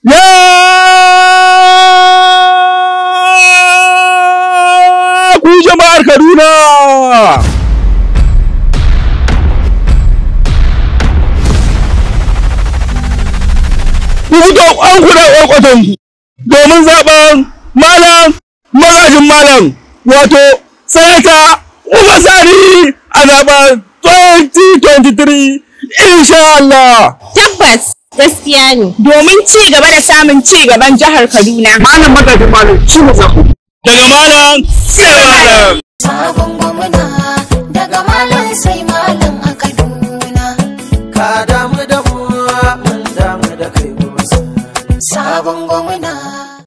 Ya ku jama'ar Kaduna! Ku fito an kuɗa ku. domin zaɓen malam ma'ajin malam wato sanata Umar Sani a zaɓen 2023 insha Allah. Tabbas. Gaskiya ne. Domin ci gaba da samun ci gaban jihar Kaduna. Malam madadin malam shi ne zaku. Daga malam sai malam. Sabon malam Sabon gwamna.